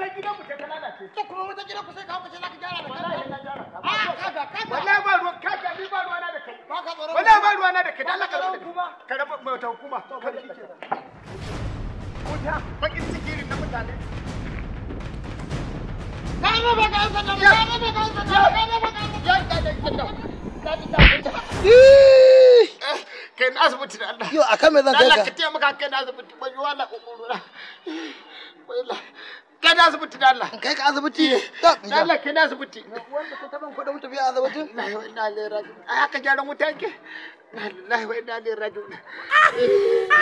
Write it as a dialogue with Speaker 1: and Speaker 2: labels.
Speaker 1: ta gidan mu ta lalace to kuma wata gidan ku sai ka hauka ce zaka gyara da kanka wallahi kaga
Speaker 2: kaga wallahi ba ruwa kaga ni ba ruwa na da kai ba ka tsoro wallahi ba ruwa na da kai dan Allah ka kuma
Speaker 1: ka raba mai ta hukuma
Speaker 2: wuta bakin sikirin na mutane ka raba ba ka san da ka ka san da ka ka san
Speaker 1: da ka
Speaker 3: ka
Speaker 1: kai na asibiti da Allah. Yo a kan me zan kai ka? Allah ka taimaka kai na asibiti ba yi wala ƙoƙoro na. da asibiti da Allah. Kai ka asibiti? Da Allah kai da asibiti. Wanda ka taban kuɗin asibitin? Na yi wa'ina lai rajin. haka gyaran wuta yake? Na lillahi wa'ina
Speaker 3: lai